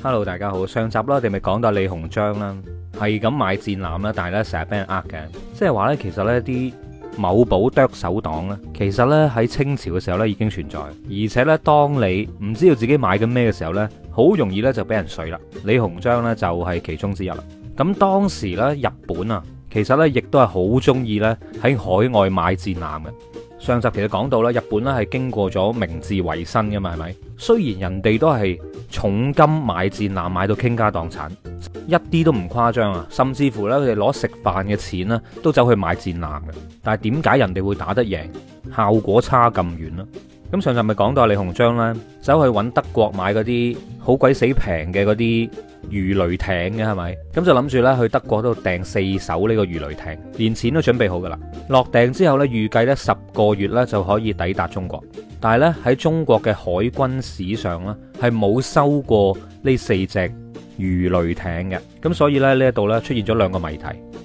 Hello，大家好，上集啦，我哋咪講到李鴻章啦，係咁買戰艦啦，但係咧成日俾人呃嘅，即係話呢，其實呢啲某寶剁手黨呢，其實呢喺清朝嘅時候呢已經存在，而且呢，當你唔知道自己買緊咩嘅時候呢，好容易呢就俾人水啦。李鴻章呢就係其中之一啦。咁當時呢，日本啊，其實呢亦都係好中意呢喺海外買戰艦嘅。上集其實講到啦，日本咧係經過咗明治維新嘅嘛，係咪？雖然人哋都係重金買戰艦，買到傾家蕩產，一啲都唔誇張啊。甚至乎咧，佢哋攞食飯嘅錢啦，都走去買戰艦嘅。但係點解人哋會打得贏，效果差咁遠咧？咁上集咪講到李鴻章咧，走去揾德國買嗰啲好鬼死平嘅嗰啲魚雷艇嘅係咪？咁就諗住咧去德國嗰度訂四艘呢個魚雷艇，連錢都準備好噶啦。落訂之後咧，預計咧十個月咧就可以抵達中國。但係咧喺中國嘅海軍史上咧係冇收過呢四隻魚雷艇嘅。咁所以咧呢一度咧出現咗兩個謎題。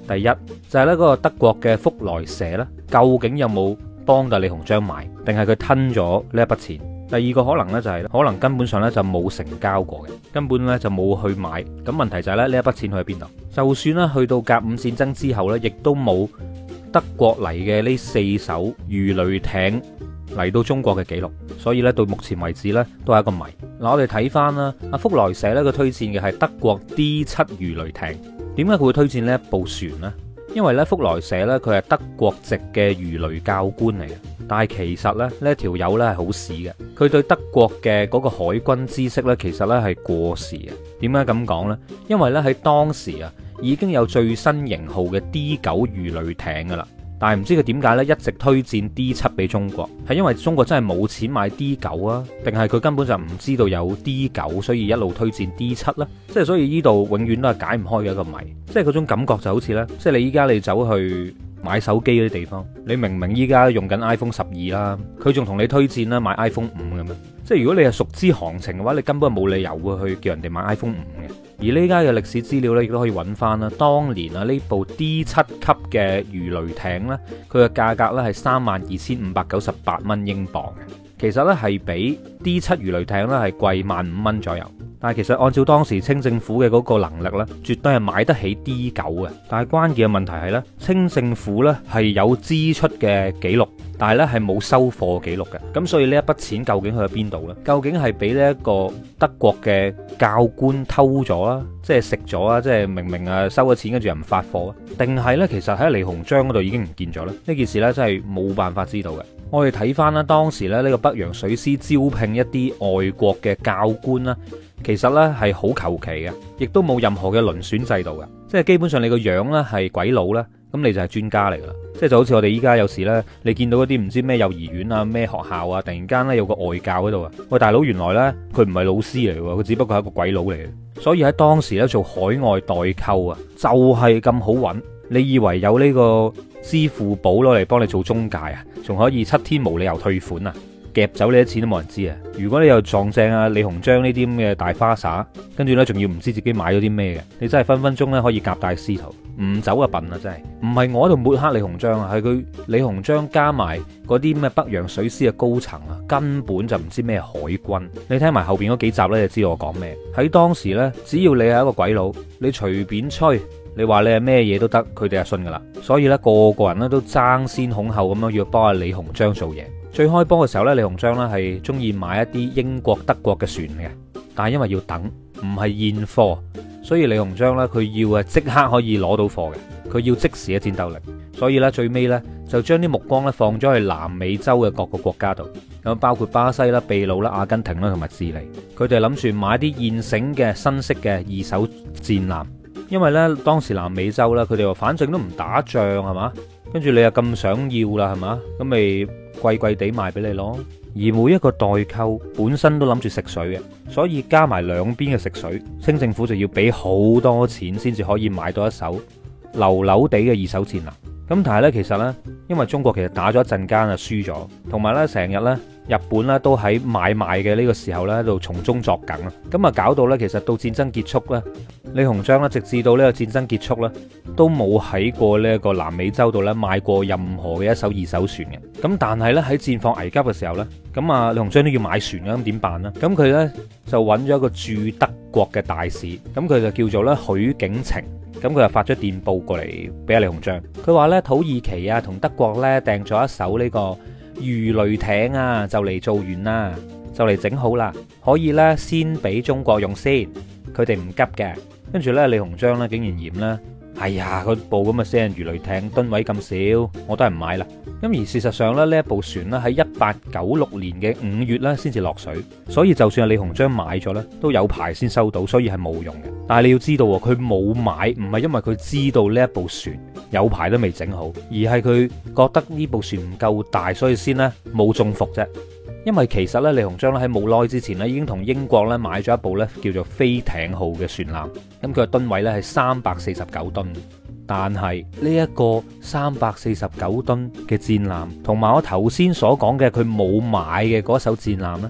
第一就係咧嗰個德國嘅福來社咧，究竟有冇？幫大李鴻章買，定係佢吞咗呢一筆錢？第二個可能呢、就係，就係可能根本上呢，就冇成交過嘅，根本呢，就冇去買。咁問題就係咧呢一筆錢去咗邊度？就算呢去到甲午戰爭之後呢，亦都冇德國嚟嘅呢四艘魚雷艇嚟到中國嘅記錄，所以呢，到目前為止呢，都係一個謎。嗱，我哋睇翻啦，阿福萊社呢，佢推薦嘅係德國 D 七魚雷艇，點解佢會推薦呢一部船呢？因為咧，福來社咧，佢係德國籍嘅魚雷教官嚟嘅，但係其實咧，呢一條友咧係好屎嘅，佢對德國嘅嗰個海軍知識咧，其實咧係過時嘅。點解咁講呢？因為咧喺當時啊，已經有最新型號嘅 D 九魚雷艇噶啦。但係唔知佢點解呢，一直推薦 D 七俾中國，係因為中國真係冇錢買 D 九啊，定係佢根本就唔知道有 D 九，所以一路推薦 D 七咧？即係所以呢度永遠都係解唔開嘅一個謎。即係嗰種感覺就好似呢，即係你依家你走去買手機嗰啲地方，你明明依家用緊 iPhone 十二啦，佢仲同你推薦啦買 iPhone 五咁樣。即係如果你係熟知行情嘅話，你根本冇理由會去叫人哋買 iPhone 五嘅。而呢家嘅歷史資料呢，亦都可以揾翻啦。當年啊，呢部 D 七級嘅魚雷艇呢，佢嘅價格呢係三萬二千五百九十八蚊英鎊。其實呢，係比 D 七魚雷艇呢係貴萬五蚊左右。但係其實按照當時清政府嘅嗰個能力咧，絕對係買得起 D 九嘅。但係關鍵嘅問題係咧，清政府咧係有支出嘅記錄，但係咧係冇收貨記錄嘅。咁所以呢一筆錢究竟去咗邊度咧？究竟係俾呢一個德國嘅教官偷咗啦，即係食咗啦，即係明明啊收咗錢跟住又唔發貨，定係呢，其實喺李鴻章嗰度已經唔見咗咧？呢件事呢，真係冇辦法知道嘅。我哋睇翻啦，當時咧呢個北洋水師招聘一啲外國嘅教官啦，其實呢係好求其嘅，亦都冇任何嘅遴選制度嘅，即係基本上你個樣呢係鬼佬咧，咁你就係專家嚟噶啦，即係就好似我哋依家有時呢，你見到一啲唔知咩幼兒園啊、咩學校啊，突然間呢有個外教喺度，喂大佬，原來呢，佢唔係老師嚟喎，佢只不過係一個鬼佬嚟嘅。所以喺當時呢，做海外代購啊，就係咁好揾，你以為有呢個？支付寶攞嚟幫你做中介啊，仲可以七天無理由退款啊，夾走你啲錢都冇人知啊！如果你又撞正啊李鴻章呢啲咁嘅大花灑，跟住呢仲要唔知自己買咗啲咩嘅，你真係分分鐘咧可以夾帶私逃，唔走嘅笨啊！真係，唔係我喺度抹黑李鴻章啊，係佢李鴻章加埋嗰啲咩北洋水師嘅高層啊，根本就唔知咩海軍。你聽埋後邊嗰幾集咧，你就知道我講咩。喺當時呢，只要你係一個鬼佬，你隨便吹。你話你係咩嘢都得，佢哋就信噶啦。所以咧，個個人咧都爭先恐後咁樣要幫阿李鴻章做嘢。最開波嘅時候咧，李鴻章咧係中意買一啲英國、德國嘅船嘅，但係因為要等，唔係現貨，所以李鴻章咧佢要啊即刻可以攞到貨嘅，佢要即時嘅戰鬥力。所以咧最尾咧就將啲目光咧放咗去南美洲嘅各個國家度，咁包括巴西啦、秘魯啦、阿根廷啦同埋智利，佢哋諗住買啲現成嘅新式嘅二手戰艦。因為呢，當時南美洲呢，佢哋話反正都唔打仗係嘛，跟住你又咁想要啦係嘛，咁咪貴貴地賣俾你咯。而每一個代購本身都諗住食水嘅，所以加埋兩邊嘅食水，清政府就要俾好多錢先至可以買到一手流流地嘅二手戰艦。咁但係呢，其實呢，因為中國其實打咗一陣間啊輸咗，同埋呢成日呢。日本呢，都喺買賣嘅呢個時候呢度從中作梗啊！咁啊，搞到呢。其實到戰爭結束呢，李鴻章呢，直至到呢個戰爭結束呢，都冇喺過呢個南美洲度呢買過任何嘅一艘二手船嘅。咁但係呢，喺戰況危急嘅時候呢，咁啊，李鴻章都要買船咁點辦呢？咁佢呢，就揾咗一個駐德國嘅大使，咁佢就叫做咧許景澄，咁佢就發咗電報過嚟俾阿李鴻章，佢話呢，土耳其啊同德國呢訂咗一艘呢個。魚雷艇啊，就嚟做完啦，就嚟整好啦，可以呢，先俾中國用先，佢哋唔急嘅。跟住呢，李鴻章呢，竟然嫌啦，哎呀，嗰部咁嘅西洋魚雷艇噸位咁少，我都係唔買啦。咁而事實上咧，呢一部船呢，喺一八九六年嘅五月呢先至落水，所以就算係李鴻章買咗呢，都有排先收到，所以係冇用嘅。但係你要知道，佢冇買唔係因為佢知道呢一部船。有排都未整好，而係佢覺得呢部船唔夠大，所以先咧冇中伏啫。因為其實咧，李鴻章咧喺冇耐之前咧，已經同英國咧買咗一部咧叫做飛艇號嘅船艦，咁佢嘅噸位咧係三百四十九噸，但係呢一個三百四十九噸嘅戰艦，同埋我頭先所講嘅佢冇買嘅嗰艘戰艦咧。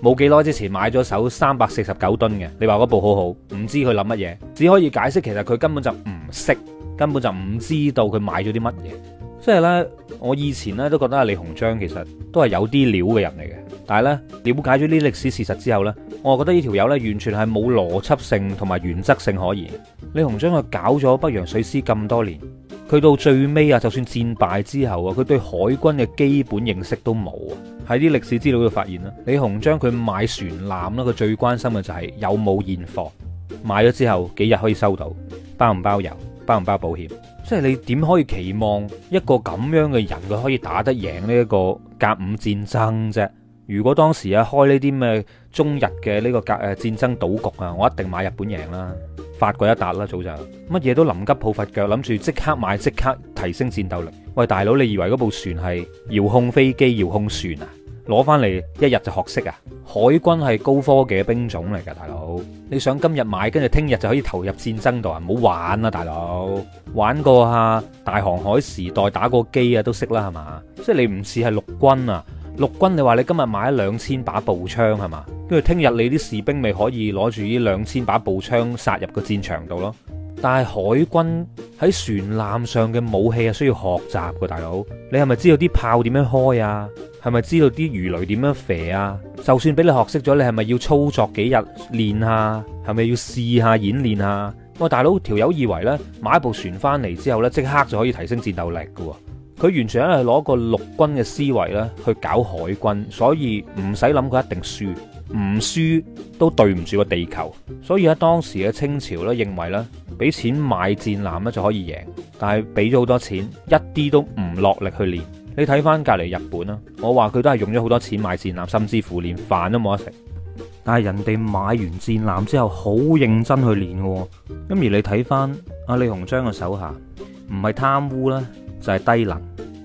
冇幾耐之前買咗手三百四十九噸嘅，你話嗰部好好，唔知佢諗乜嘢，只可以解釋其實佢根本就唔識，根本就唔知道佢買咗啲乜嘢。即係呢，我以前呢都覺得李鴻章其實都係有啲料嘅人嚟嘅，但係呢，了解咗啲歷史事實之後呢，我覺得呢條友呢完全係冇邏輯性同埋原則性可言。李鴻章佢搞咗北洋水師咁多年。佢到最尾啊，就算戰敗之後啊，佢對海軍嘅基本認識都冇啊！喺啲歷史資料度發現啦，李鴻章佢買船艦啦，佢最關心嘅就係有冇現貨，買咗之後幾日可以收到，包唔包郵，包唔包保險？即係你點可以期望一個咁樣嘅人佢可以打得贏呢一個甲午戰爭啫？如果當時啊開呢啲咩中日嘅呢個甲誒戰爭賭局啊，我一定買日本贏啦！發過一笪啦，早就乜嘢都臨急抱佛腳，諗住即刻買即刻提升戰鬥力。喂，大佬，你以為嗰部船係遙控飛機、遙控船啊？攞翻嚟一日就學識啊？海軍係高科技兵種嚟噶，大佬，你想今日買，跟住聽日就可以投入戰爭度啊？唔好玩啊，大佬！玩過下大航海時代打過機啊，都識啦，係嘛？即係你唔似係陸軍啊？陸軍，你話你今日買咗兩千把步槍係嘛？跟住聽日你啲士兵咪可以攞住呢兩千把步槍殺入個戰場度咯。但係海軍喺船艦上嘅武器係，需要學習噶，大佬。你係咪知道啲炮點樣開啊？係咪知道啲魚雷點樣肥啊？就算俾你學識咗，你係咪要操作幾日練下？係咪要試下演練下？我大佬條友以為呢，買一部船翻嚟之後呢，即刻就可以提升戰鬥力噶。佢完全係攞個陸軍嘅思維咧，去搞海軍，所以唔使諗佢一定輸，唔輸都對唔住個地球。所以喺當時嘅清朝咧，認為咧俾錢買戰艦咧就可以贏，但係俾咗好多錢，一啲都唔落力去練。你睇翻隔離日本啦，我話佢都係用咗好多錢買戰艦，甚至乎連飯都冇得食。但係人哋買完戰艦之後，好認真去練嘅、啊、咁。而你睇翻阿李鴻章嘅手下，唔係貪污啦，就係低能，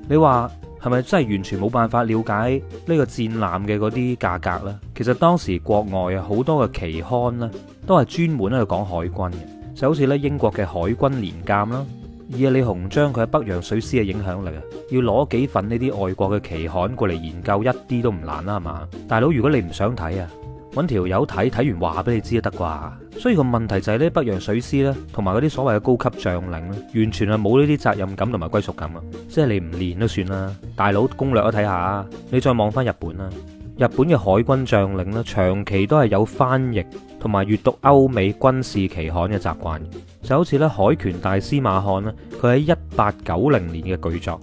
你話係咪真係完全冇辦法了解呢個戰艦嘅嗰啲價格呢？其實當時國外好多嘅期刊咧，都係專門喺度講海軍嘅，就好似咧英國嘅海軍年鑑啦。以李鴻章佢喺北洋水師嘅影響力，要攞幾份呢啲外國嘅期刊過嚟研究，一啲都唔難啦，係嘛？大佬，如果你唔想睇啊？搵條友睇，睇完話俾你知都得啩。所以個問題就係呢，北洋水師咧，同埋嗰啲所謂嘅高級將領咧，完全係冇呢啲責任感同埋歸屬感啊！即係你唔練都算啦，大佬攻略都睇下。你再望翻日本啦，日本嘅海軍將領咧，長期都係有翻譯同埋閱讀歐美軍事期刊嘅習慣。就好似咧，海權大師馬漢咧，佢喺一八九零年嘅巨作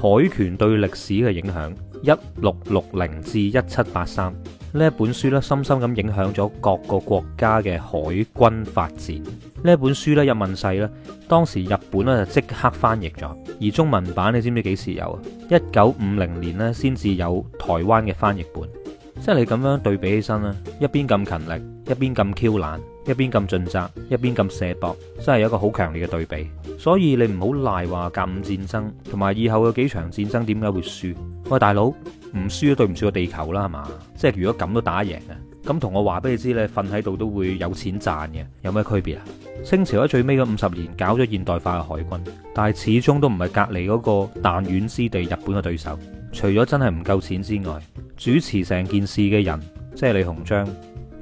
《海權對歷史嘅影響》一六六零至一七八三。呢一本書咧，深深咁影響咗各個國家嘅海軍發展。呢一本書咧，一問世咧，當時日本咧就即刻翻譯咗，而中文版你知唔知幾時有？一九五零年咧先至有台灣嘅翻譯本，即係你咁樣對比起身咧，一邊咁勤力，一邊咁挑懶。一邊咁盡責，一邊咁卸膊，真係有一個好強烈嘅對比。所以你唔好賴話甲午戰爭同埋以、以後嘅幾場戰爭點解會輸？喂，大佬唔輸都對唔住個地球啦，係嘛？即係如果咁都打贏嘅，咁同我話俾你知，你瞓喺度都會有錢賺嘅，有咩區別啊？清朝喺最尾嗰五十年搞咗現代化嘅海軍，但係始終都唔係隔籬嗰個彈丸之地日本嘅對手。除咗真係唔夠錢之外，主持成件事嘅人即係李鴻章。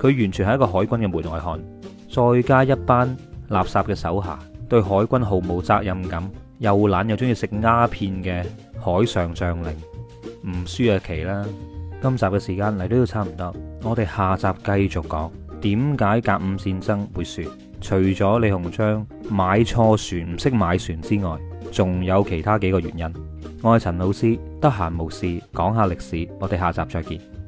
佢完全係一個海軍嘅門外漢，再加一班垃圾嘅手下，對海軍毫無責任感，又懶又中意食鴉片嘅海上將領，唔輸就奇啦。今集嘅時間嚟到都差唔多，我哋下集繼續講點解甲午戰爭會輸，除咗李鴻章買錯船唔識買船之外，仲有其他幾個原因。我係陳老師，得閒無事講下歷史，我哋下集再見。